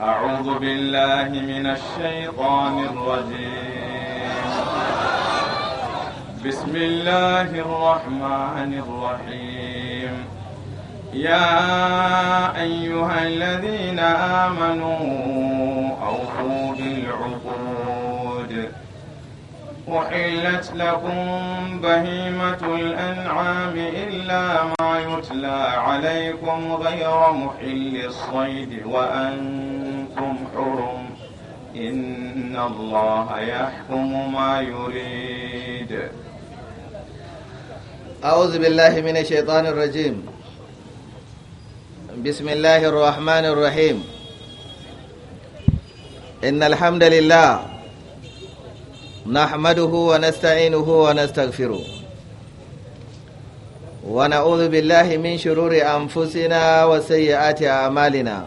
أعوذ بالله من الشيطان الرجيم بسم الله الرحمن الرحيم يا أيها الذين آمنوا أوفوا بالعقود أحلت لكم بهيمة الأنعام إلا ما يتلى عليكم غير محل الصيد وأنتم عليكم حرم إن الله يحكم ما يريد أعوذ بالله من الشيطان الرجيم بسم الله الرحمن الرحيم إن الحمد لله نحمده ونستعينه ونستغفره ونعوذ بالله من شرور أنفسنا وسيئات أعمالنا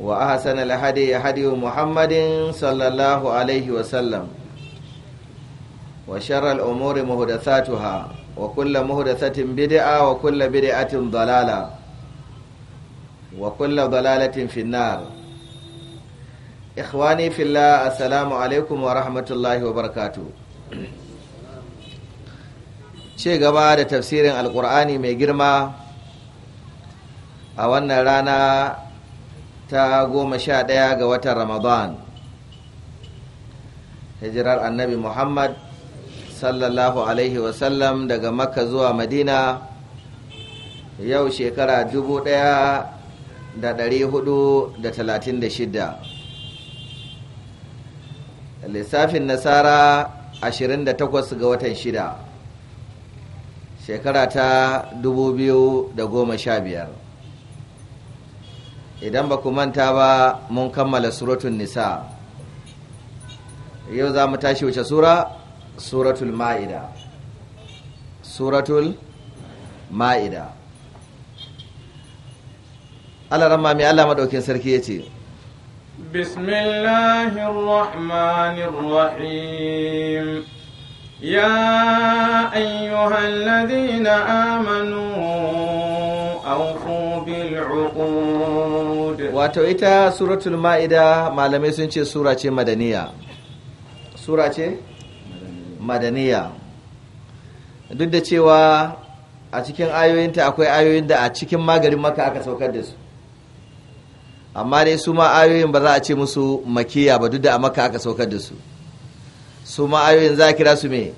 وأحسن الهدي هدي محمد صلى الله عليه وسلم وشر الأمور مهدثاتها وكل مهدثة بدعة وكل بدعة ضلالة وكل ضلالة في النار إخواني في الله السلام عليكم ورحمة الله وبركاته ce gaba da tafsirin alkur'ani mai girma a wannan rana ta goma sha ɗaya ga watan ramadan hijirar annabi muhammad sallallahu alaihi wasallam daga makka zuwa madina yau shekara dubu ɗaya da ɗari hudu da talatin da shida lissafin nasara ashirin da takwas ga watan shida shekara ta dubu biyu da goma sha biyar idan ba ku manta ba mun kammala suratun nisa yau za mu tashi wuce sura suratul ma'ida suratul ma'ida Allah ramma mai Allah madaukin sarki ya ce bismillahirrahmanirrahim ya ladina amanu وأوفوا بالعقود wato ita suratul ma'ida malamai sun ce sura ce madaniya sura ce madaniya duk da cewa a cikin ayoyinta akwai ayoyin da a cikin magarin maka aka saukar da su amma dai su ma ayoyin ba za a ce musu makiya ba duk da a maka aka saukar da su su ma ayoyin za a kira su me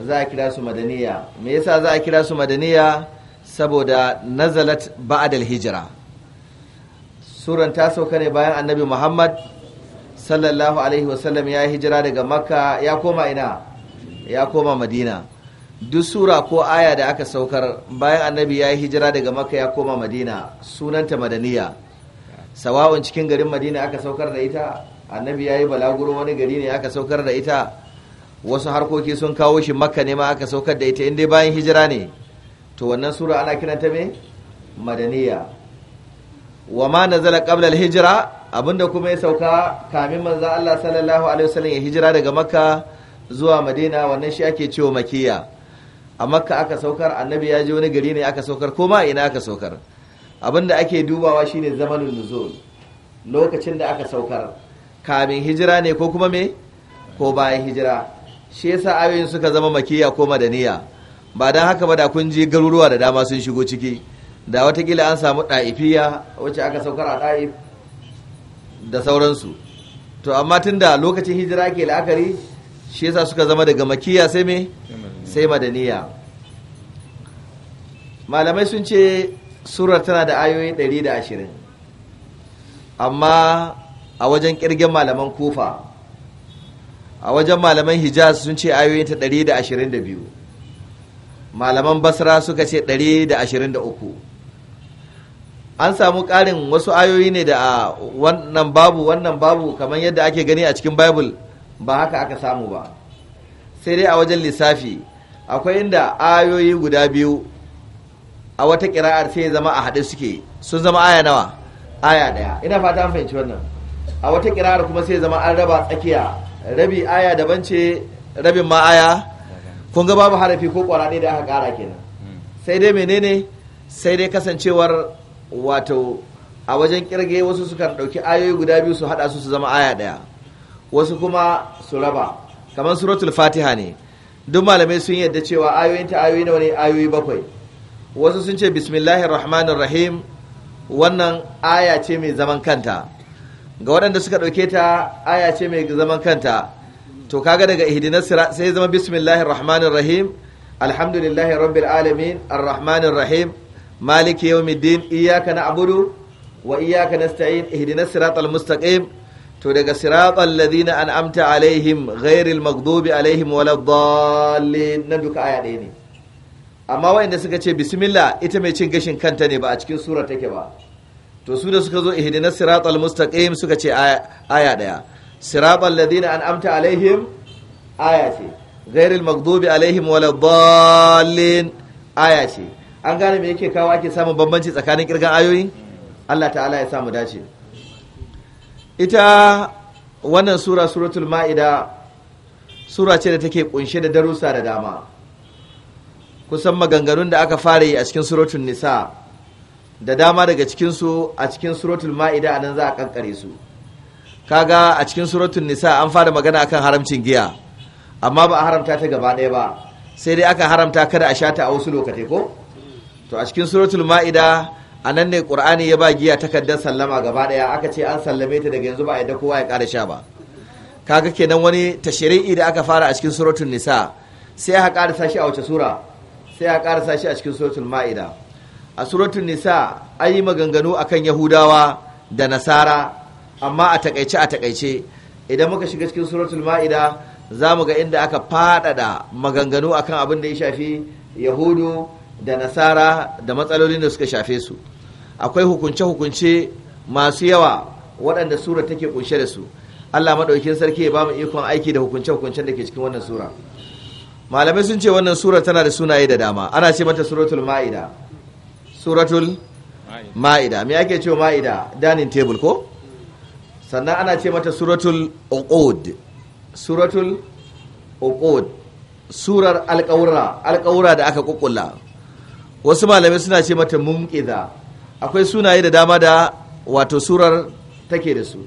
za a kira su madaniya me yasa za a kira su madaniya saboda nazalat ba'adal hijira suran ta sauka ne bayan annabi muhammad sallallahu alaihi wasallam ya hijira daga makka ya koma ina ya koma madina duk sura ko aya da aka saukar bayan annabi ya yi hijira daga makka ya koma madina sunanta madaniya sawa'un cikin garin madina aka saukar da ita annabi ya yi balaguro wani gari ne aka saukar da ita wasu harkoki sun kawo shi makka ne ma aka saukar da ita inda bayan hijira ne to wannan sura ana kiranta me madaniya wa ma nazala qabla al-hijra abinda kuma ya sauka kamin manzo Allah sallallahu alaihi wasallam ya hijira daga makka zuwa madina wannan shi ake cewa makiya a makka aka saukar annabi ya je wani gari ne aka saukar ko ma ina aka saukar abinda ake dubawa shine zamanin nuzul lokacin da aka saukar kamin hijira ne ko kuma me ko bayan hijira shi yasa ayoyin suka zama makiya ko madaniya ba don haka ba da kun je garuruwa da dama sun shigo ciki da watakila an samu ɗa'ifiya wacce aka saukar a ɗa'if da sauransu to amma tun da lokacin hijira ke la'akari shi yasa suka zama daga makiya sai me sai madaniya malamai sun ce surar tana da ayoyi 120 amma a wajen kirgin malaman kofa a wajen malaman hijaz sun ce ayoyinta 122 malaman basra suka ce 123 an samu ƙarin wasu ayoyi ne da a wannan babu wannan babu kamar yadda ake gani a cikin bible ba haka aka samu ba sai dai a wajen lissafi akwai inda ayoyi guda biyu a wata kira'ar sai zama a haɗe suke sun zama aya nawa aya ɗaya ina fata an fahimci wannan a wata kira'ar kuma sai zama an raba tsakiya rabi aya daban ce rabin ma aya kun ga babu harafi ko kwarane da aka kara kenan sai dai menene sai dai kasancewar wato a wajen kirge wasu sukan ɗauki ayoyi guda biyu su haɗa su su zama aya daya wasu kuma su raba kamar suratul fatiha ne duk malamai sun yadda cewa ayoyin ta ayoyi nawa ne ayoyi bakwai wasu sun ce bismillahir rahmanir rahim wannan aya ce mai zaman kanta ga waɗanda suka ɗauke ta aya ce mai zaman kanta to kaga daga ihdinas sirat sai zama bismillahir rahmanir rahim alhamdulillahi rabbil alamin arrahmanir rahim maliki yawmiddin iyyaka na'budu wa iyyaka nasta'in ihdinas siratal mustaqim to daga siratal ladina an'amta alaihim ghairil maghdubi alaihim waladdallin nan duka aya ɗaya ne amma wayanda suka ce bismillah ita mai cin gashin kanta ne ba a cikin sura take ba to su da suka zo ihdinas siratal mustaqim suka ce aya ɗaya siraban ladina an amta alaihim aya ce ghairil maghdubi alaihim waladdallin aya ce an gane me yake kawo ake samun bambanci tsakanin kirgan ayoyi Allah ta'ala ya samu dace ita wannan sura suratul ma'ida sura ce da take kunshe da darussa da dama kusan maganganun da aka fara yi a cikin suratul nisa da dama daga cikinsu a cikin suratul ma'ida anan za a kankare su kaga a cikin suratun nisa an fara magana akan haramcin giya amma ba a haramta ta gaba ɗaya ba sai dai aka haramta kada a sha ta a wasu lokaci ko to a cikin suratul ma'ida a nan ne qur'ani ya ba giya takardar sallama gaba ɗaya aka ce an sallame ta daga yanzu ba a yadda kowa ya ƙara sha ba kaga kenan wani tashri'i da aka fara a cikin suratul nisa sai aka ƙarasa shi a wace sura sai aka ƙarasa shi a cikin suratul ma'ida a suratul nisa ayi maganganu akan yahudawa da nasara amma a takaice a takaice idan muka shiga cikin suratul ma'ida za mu ga inda aka faɗaɗa maganganu akan abin da ya shafi yahudu da nasara da matsalolin da suka shafe su akwai hukunce-hukunce masu yawa waɗanda sura take kunshe da su allah maɗaukin sarki ya ba mu ikon aiki da hukunce-hukuncen da ke cikin wannan sura malamai sun ce wannan sura tana da sunaye da dama ana ce mata suratul ma'ida suratul ma'ida me ake cewa ma'ida dining table ko sannan ana ce mata suratul uqud suratul uqud surar alƙawura da aka ƙuƙula. wasu malamai suna ce mata munqiza akwai sunaye da dama da wato surar take da su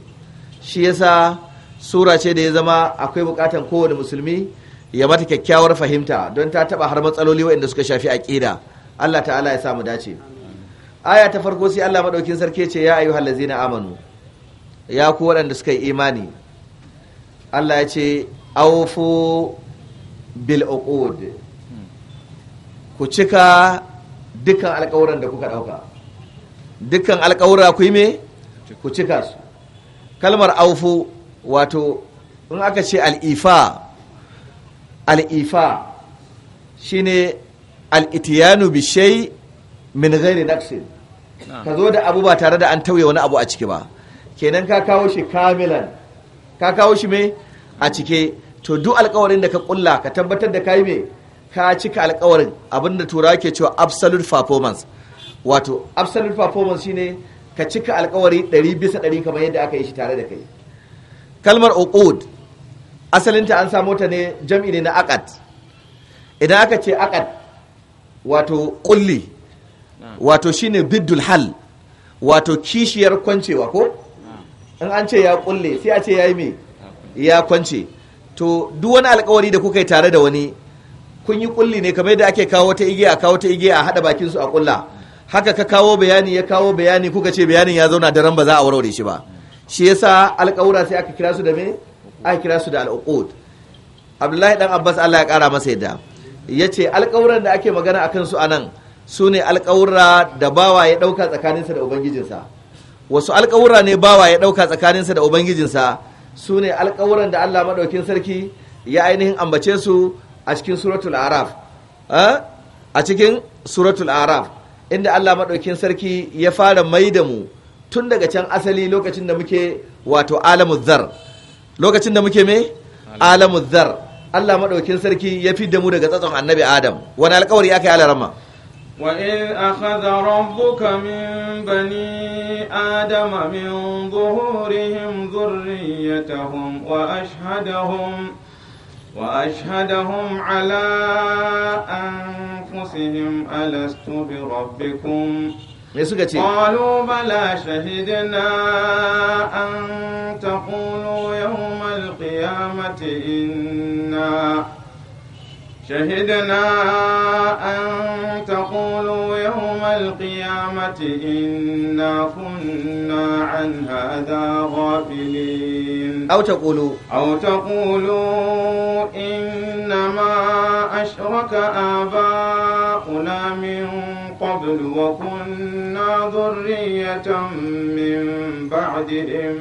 shi yasa sura ce da ya zama akwai bukatan kowane musulmi ya mata kyakkyawar fahimta don ta taba har matsaloli waɗanda suka shafi aƙida. Allah ta'ala ya samu dace aya ta farko sai Allah madaukin sarki ce ya ayyuhallazina amanu ya ku waɗanda suka yi imani Allah ya ce bil uqud ku cika dukkan alƙawuran da kuka ɗauka dukkan alƙawura ku yi me ku cika su kalmar awfu wato in aka ce al'ifa al'ifa shine al'itiyanu bishai min ghairi naqsin ka zo da abu ba tare da an tauye wani abu a ciki ba kenan ka kawo shi kamilan ka kawo shi me a cike to duk alkawarin da ka kulla ka tabbatar da kai mai ka cika alkawarin abinda tura ke cewa absolute performance wato absolute performance shine ka cika alkawari 100 bisa kamar yadda aka yi shi tare da kai kalmar uqud asalinta an samo ta ne jam'i ne na aqad idan aka ce aqad wato kulli wato shine biddul hal wato kishiyar kwancewa ko in an ce ya kulle sai a ce ya yi me ya kwance to duk wani alkawari da kuka yi tare da wani kun yi kulli ne kamar yadda ake kawo ta igiya kawo ta igiya a hada bakin su a kulla haka ka kawo bayani ya kawo bayani kuka ce bayanin ya zauna daren ba za a warware shi ba shi yasa alkawura sai aka kira su da me aka kira su da al'uqud abdullahi dan abbas Allah ya kara masa yadda yace alkawuran da ake magana akan su anan su ne alkawura da bawa ya dauka tsakaninsa da ubangijinsa wasu alkawura ne bawa ya ɗauka tsakaninsa da ubangijinsa su ne alkawuran da allah maɗaukin sarki ya ainihin ambace su a cikin suratul araf a cikin suratul araf inda allah maɗaukin sarki ya fara mai da mu tun daga can asali lokacin da muke wato Alamuzar. lokacin da muke me Alamuzar. allah maɗaukin sarki ya fi da mu daga tsatson annabi adam wani alkawari aka yi alarama وإذ أخذ ربك من بني آدم من ظهورهم ذريتهم وأشهدهم وأشهدهم على أنفسهم ألست بربكم قالوا بلى شهدنا أن تقولوا يوم القيامة إنا شهدنا أن القيامة إنا كنا عن هذا غافلين أو تقولوا أو تقولوا إنما أشرك آباؤنا من قبل وكنا ذرية من بعدهم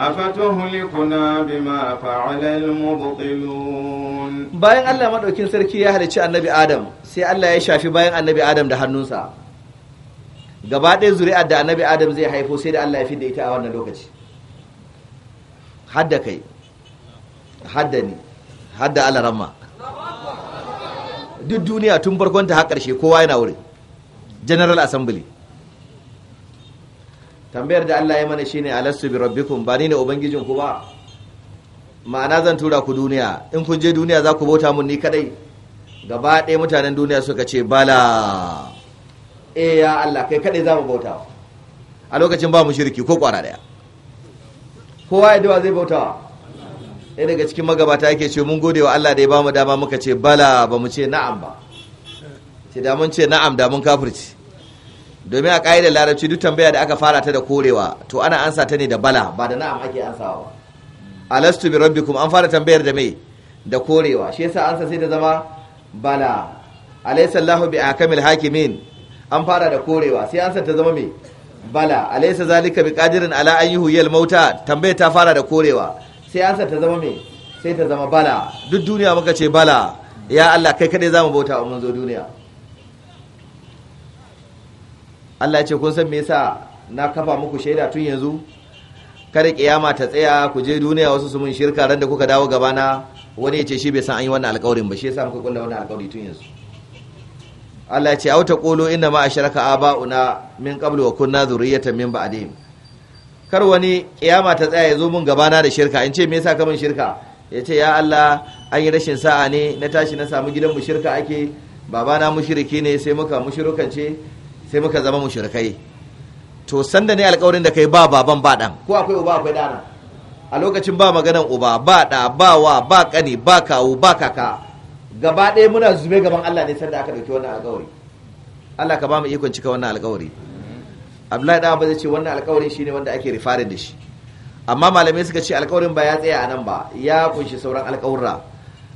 afatahlikuna bima fa'ala al-mubtilun bayan Allah madaukin sarki ya halicci annabi Adam sai Allah ya shafi bayan annabi Adam da hannunsa gaba ɗaya zuri'ar da annabi adam zai haifo sai da Allah ya fi da ita a wannan lokaci hadda kai hadda ni hadda alaramma duk duniya tun farkon ta haƙarshe kowa yana wuri general assembly tambayar da Allah ya mana shi ne alastu bi rabbikum ba ni ne ubangijin ku ba ma'ana zan tura ku duniya in kun je duniya za ku bauta mun ni kadai gaba ɗaya mutanen duniya suka ce bala e ya Allah kai kadai mu bautawa a lokacin ba mu shirki ko kwana daya kowa ya dawa zai bautawa ɗaya daga cikin magabata yake ce mun gode wa Allah da ya bamu dama muka ce bala ba mu ce na'am ba ce da mun ce na'am da mun kafirci domin a ƙa'idar larabci duk tambaya da aka fara ta da korewa to ana ansa ta ne da bala ba da na'am ake ansawa ba alastu bi rabbikum an fara tambayar da mai da korewa shi yasa ansa sai ta zama bala alaysa Allahu bi akamil hakimin an fara da korewa sai an ta zama mai bala ala'isa zalika biqadirin ala an yuhyil mauta tambaya ta fara da korewa sai an ta zama mai sai ta zama bala duk duniya muka ce bala ya Allah kai kadai zamu bauta mun zo duniya Allah ya ce kun san me yasa na kafa muku shaida tun yanzu kada kiyama ta tsaya ku je duniya wasu su mun shirka ran da kuka dawo gabana wani ya ce shi bai san an yi wannan alƙawarin ba shi yasa muka kulla wannan alƙawari tun yanzu Allah ce auta kolo inna ma asharaka aba'una min qablu wa kunna zurriyatan min ba'dihim kar wani kiyama ta tsaya ya zo mun gabana da shirka in ce me yasa ka mun shirka ya ce ya Allah an yi rashin sa'a ne na tashi na samu gidan mu shirka ake babana mushriki ne sai muka mushrikance sai muka zama mushrikai to sanda ne alƙawarin da kai ba baban ba dan ko akwai uba akwai dana a lokacin ba maganan uba ba da ba wa ba kani ba kawu ba kaka gaba ɗaya muna zube gaban Allah ne sanda aka ɗauki wannan alƙawari Allah ka ba mu ikon cika wannan alƙawari Abdullahi da zai ce wannan alƙawari shine wanda ake rifarin da shi amma malamai suka ce alƙawarin ba ya tsaya a nan ba ya kunshi sauran alƙawurra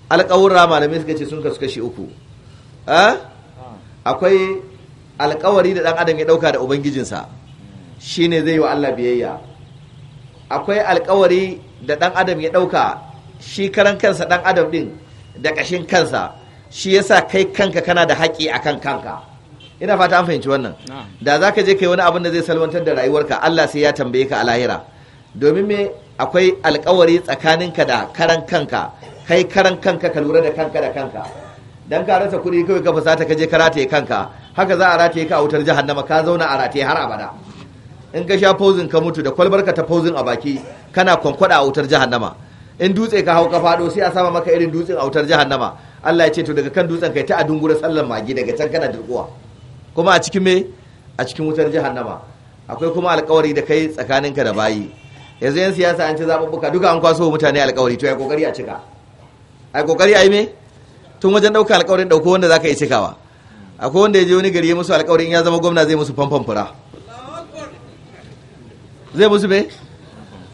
alƙawurra malamai suka ce sun kasu kashi uku akwai alƙawari da ɗan adam ya ɗauka da ubangijinsa shine zai yi wa Allah biyayya akwai alƙawari da ɗan adam ya ɗauka shi karan kansa ɗan adam ɗin da ƙashin kansa shi yasa kai kanka kana da haƙi kan kanka ina fata an fahimci wannan da za ka je kai wani abin da zai salwantar da rayuwarka Allah sai ya tambaye ka a lahira domin me akwai alkawari tsakaninka da karan kanka kai karan kanka ka lura da kanka da kanka dan ka rasa kuɗi kawai ka fusata ka je ka rataye kanka haka za a rataye ka a wutar jahannama ka zauna a rataye har abada in ka sha fauzin ka mutu da kwalbarka ta fauzin a baki kana kwankwada a wutar jahannama in dutse ka hau ka fado sai a sama maka irin dutsen autar jahannama Allah ya ce to daga kan dutsen kai ta adungura sallan magi daga can kana dirkuwa kuma a cikin me a cikin wutar jahannama akwai kuma alkawari da kai tsakaninka da bayi yanzu yan siyasa an ci zaɓuɓɓuka duka an kwaso mutane alkawari to ya kokari a cika a kokari yi me tun wajen ɗauka alkawarin ɗauko wanda zaka yi cikawa akwai wanda ya je wani gari ya musu alkawarin ya zama gwamna zai musu fanfan fura zai musu me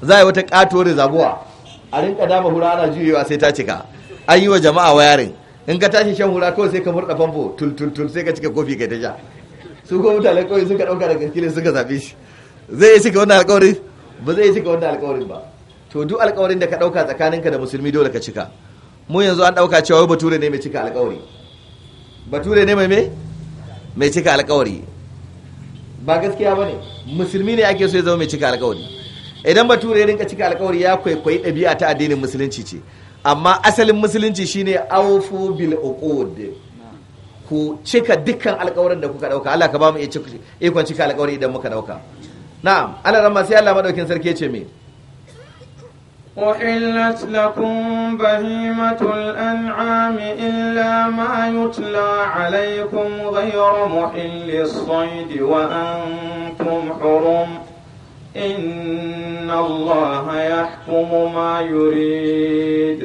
za a yi wata katuwar zabuwa a rinka dama hura ana juyewa sai ta cika an yi wa jama'a wayarin in ka tashi shan hura kawai sai ka murɗa famfo tultultul sai ka cika kofi kai ta sha su ko mutane kawai suka ɗauka da gaske suka zaɓe shi zai yi cika wannan alƙawarin ba zai yi cika wannan alƙawarin ba to duk alƙawarin da ka ɗauka tsakaninka da musulmi dole ka cika mu yanzu an ɗauka cewa bature ne mai cika alƙawari bature ne mai me mai cika alƙawari ba gaskiya ba ne musulmi ne ake so ya zama mai cika alƙawari idan bature ya rinka cika alkawari ya kwaikwayi ɗabi'a ta addinin musulunci ce amma asalin musulunci shine aufu bil uqud ku cika dukkan alkawarin da kuka dauka Allah ka ba mu ikon cika alkawari idan muka dauka na'am Allah ran sai Allah madaukin sarki ya ce me أحلت لكم بهيمة الأنعام إلا ما يتلى عليكم غير محل الصيد وأنتم حرم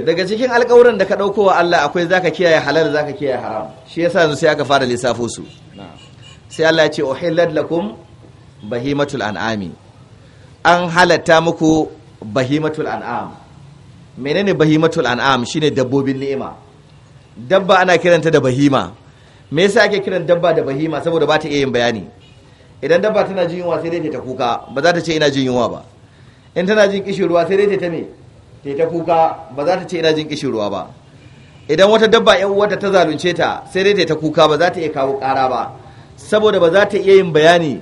daga cikin alkawuran da ka ɗauko wa Allah akwai zaka kiyaye halal zaka kiyaye haram shi yasa yanzu sai aka fara lissafo su sai Allah ya ce uhillat lakum bahimatul an'ami an halatta muku bahimatul an'am menene bahimatul an'am shine dabbobin ni'ima dabba ana kiranta da bahima me yasa ake kiran dabba da bahima saboda ba ta iya yin bayani idan dabba tana jin yunwa sai dai ta kuka ba za ta ce ina jin yunwa ba in tana jin kishin ruwa sai dai ta me ta kuka ba za ta ce ina jin kishin ruwa ba idan wata dabba yan uwarta ta zalunce ta sai dai ta kuka ba za ta iya kawo ƙara ba saboda ba za ta iya yin bayani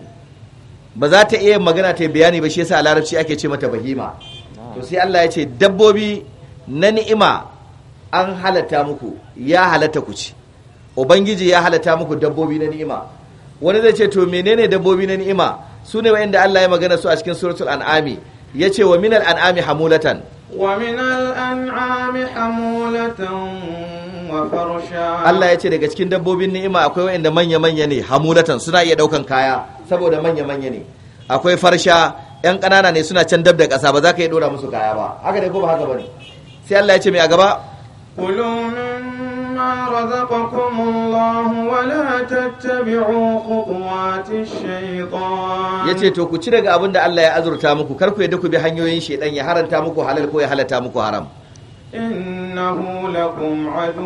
ba za ta iya magana ta bayani ba shi yasa a larabci ake ce mata bahima to sai Allah ya ce dabbobi na ni'ima an halatta muku ya halatta ku ci ubangiji ya halatta muku dabbobi na ni'ima wani zai ce to menene dabbobi na ni'ima su ne wa'inda Allah ya magana su a cikin suratul an'ami ya ce wa minal an'ami hamulatan wa minal an'ami hamulatan wa farsha Allah ya ce daga cikin dabbobin ni'ima akwai wa'inda manya-manya ne hamulatan suna iya daukan kaya saboda manya-manya ne akwai farsha yan ƙanana ne suna can dab da ƙasa ba za ka iya dora musu kaya ba haka dai ko ba haka ba ne sai Allah ya ce mai a gaba kulun مما رزقكم الله ولا تتبعوا خطوات الشيطان yace to ku ci ابون دا الله Allah ya azurta muku kar بي yadda ku bi hanyoyin مكو ya كو muku halal ko ya انه muku haram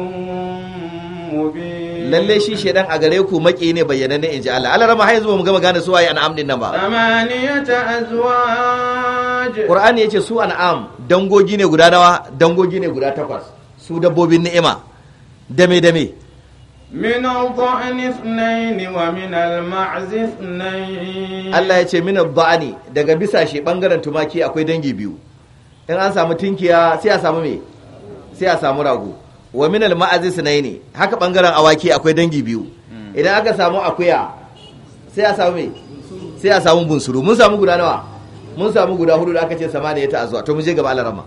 mubin lalle shi shedan a gare ku maki ne bayyana ne inji Allah Allah rama har mu gama gane su waye an'am din nan ba amaniyata azwaj Qur'ani yace su an'am dangogi ne guda nawa dangogi ne guda takwas su dabbobin ni'ima dame dame min al-dha'ni ithnayn wa min al-ma'z ithnayn Allah ya ce min al-dha'ni daga shi bangaren tumaki akwai dangi biyu in an samu tinkiya sai a samu me sai a samu rago wa min al-ma'z ithnayn haka bangaren awaki akwai dangi biyu idan aka samu akuya sai a samu me sai a samu bunsuru mun samu guda nawa mun samu guda hudu da aka ce samaniya ta azwa to mu je gaba alarama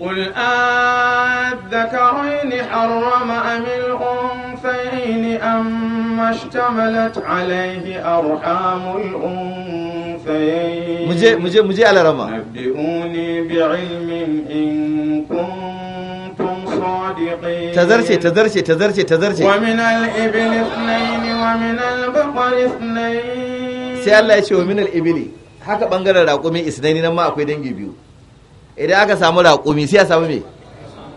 قل أذكرين حرم أم الأنثيين أما اشتملت عليه أرحام الأنثيين مجي مجي مجي على رما نبئوني بعلم إن كنتم صادقين تذرشي تذرشي تذرشي تذرشي ومن الإبل اثنين ومن البقر اثنين سي الله يشوف من الإبل haka bangaren raƙumin isnaini nan ma akwai dangi biyu idan aka samu raƙumi sai a samu me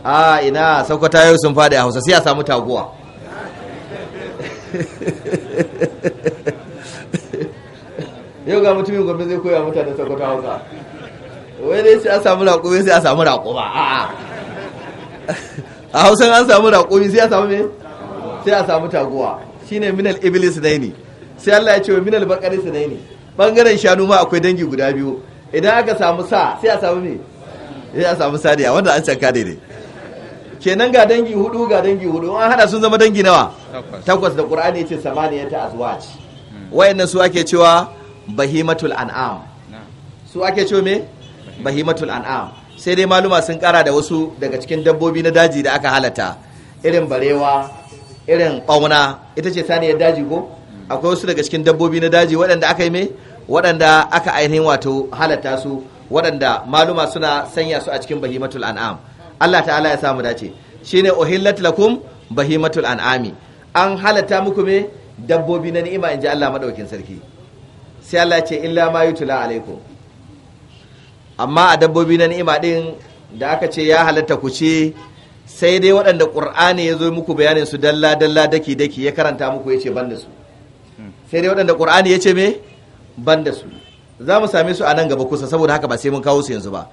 a ina saukata yau sun faɗi a hausa sai a samu taguwa yau ga mutumin gwamna zai koya mutane saukata hausa wai dai sai a samu raƙumi sai a samu raƙuma a a hausan an samu raƙumi sai a samu me sai a samu taguwa shine minal iblis dai ne sai Allah ya ce wa minal bakari su ne bangaren shanu ma akwai dangi guda biyu idan aka samu sa sai a samu me. ya samu a wanda an canka ne kenan ga dangi hudu ga dangi hudu an hada sun zama dangi nawa takwas da qur'ani yace samaniya ta azwaj wayannan su ake cewa bahimatul an'am su ake cewa me bahimatul an'am sai dai maluma sun kara da wasu daga cikin dabbobi na daji da aka halata irin barewa irin ɓauna ita ce saniyar daji ko akwai wasu daga cikin dabbobi na daji waɗanda aka yi me waɗanda aka ainihin wato halata su waɗanda maluma suna sanya su a cikin bahimatul an'am Allah ta'ala ya samu dace shine uhillat lakum bahimatul an'ami an halatta muku me dabbobi na ni'ima inji Allah madaukin sarki sai Allah ce illa ma yutula alaikum amma a dabbobi na ni'ima din da aka ce ya halatta ku ce sai dai waɗanda qur'ani ya zo muku bayanin su dalla dalla daki daki ya karanta muku ya ce ban da su hmm. sai dai waɗanda qur'ani ya ce me ban da su za mu same su a nan gaba kusa saboda haka ba sai mun kawo su yanzu ba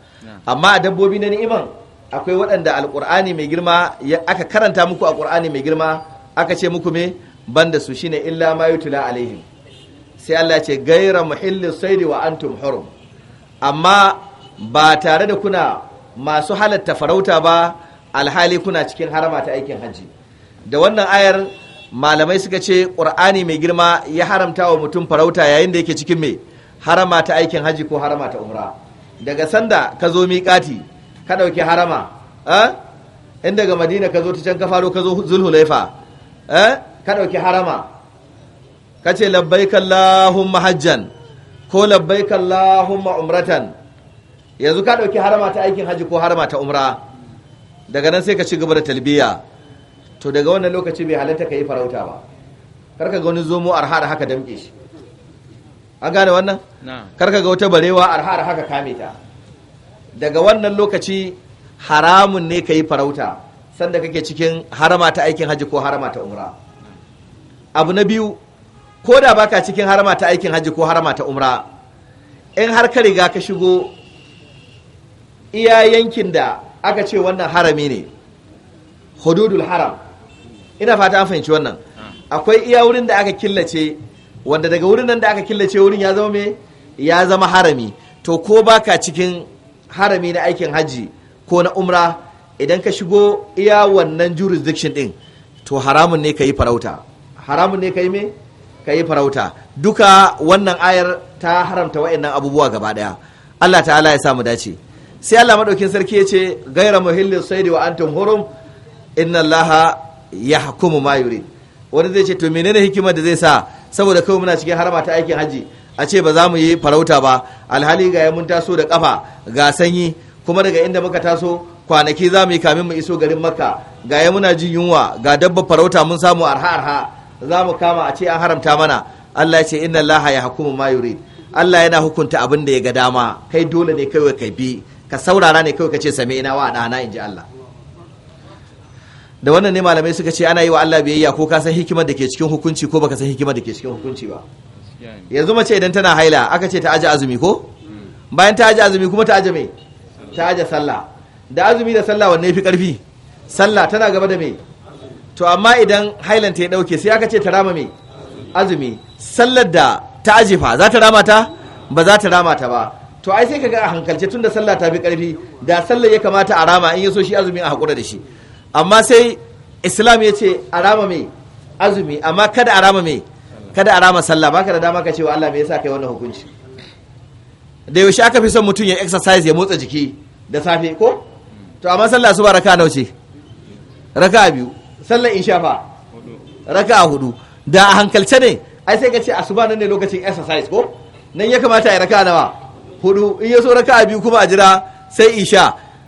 amma a dabbobi na ni'iman akwai waɗanda alƙur'ani mai girma aka karanta muku alƙur'ani mai girma aka ce muku me banda su shine illa ma yutula alaihim sai Allah ce gaira muhilli saidi wa antum hurum amma ba tare da kuna masu halatta farauta ba alhali kuna cikin harama ta aikin hajji da wannan ayar malamai suka ce ƙur'ani mai girma ya haramta wa mutum farauta yayin da yake cikin mai harama ta aikin haji ko harama ta umra daga sanda ka zo miƙati ka ɗauki harama in daga madina ka zo ta can ka faro ka zo zulhulaifa ka ɗauki harama ka ce labbaikan allahumma hajjan ko labbaikan allahumma umratan yanzu ka ɗauki harama ta aikin haji ko harama ta umra daga nan sai ka ci gaba da talbiya to daga wannan lokaci bai halatta ka yi farauta ba kar ka ga wani zomo arha haka damƙe shi an gane wannan karka ga wata barewa arha haka kame ta daga wannan lokaci haramun ne ka yi farauta sanda kake cikin harama ta aikin haji ko harama ta umra abu na biyu ko da baka cikin harama ta aikin haji ko harama ta umra in har ka riga ka shigo iya yankin da aka ce wannan harami ne hududul haram ina fata an fahimci wannan akwai iya wurin da aka killace wanda daga wurin nan da aka killace wurin ya zama me ya zama harami to ko baka cikin harami na aikin hajji ko na umra idan ka shigo iya wannan jurisdiction din to haramun ne ka yi farauta haramun ne ka yi me ka yi farauta duka wannan ayar ta haramta wa'annan abubuwa gaba daya Allah ta'ala ya samu dace sai Allah madaukin sarki ya ce gaira muhillin saidi wa antum hurum inna Allah ya hukumu ma wani zai ce to menene hikimar da zai sa saboda kawai muna cikin harama ta aikin hajji a ce ba za mu yi farauta ba alhali ga mun taso da kafa ga sanyi kuma daga inda muka taso kwanaki za mu yi kamin mu iso garin makka ga muna jin yunwa ga dabba farauta mun samu arha arha za mu kama a ce an haramta mana Allah ya ce inna Allah ya hukumu ma yurid Allah yana hukunta abin da ya ga dama kai dole ne kai kai bi ka saurara ne kawai ka ce sami ina wa in ji Allah da wannan ne malamai suka ce ana yi wa Allah biyayya ko ka san hikimar da ke cikin hukunci ko baka san hikimar da ke cikin hukunci ba yanzu mace idan tana haila aka ce ta aje azumi ko bayan ta aje azumi kuma ta aje me ta aje sallah da azumi da sallah wanne yafi karfi sallah tana gaba da me to amma idan hailan ta ya dauke sai aka ce ta rama me azumi sallar da ta aje fa za ta rama ta ba za ta rama ta ba to ai sai kaga a hankalce tunda sallah ta fi karfi da sallar ya kamata a rama in yaso shi azumi a hakura da shi amma sai islam ya ce a rama mai azumi amma kada a rama mai kada a rama sallah ka da dama ka cewa Allah me yasa kai wannan hukunci da yaushe aka fi son mutum ya exercise ya motsa jiki da safe ko to amma sallah su ba raka nawa ce raka biyu sallar insha fa raka hudu da a hankalce ne ai sai ka ce asuba nan ne lokacin exercise ko nan ya kamata ya raka nawa hudu in ya so raka biyu kuma a jira sai isha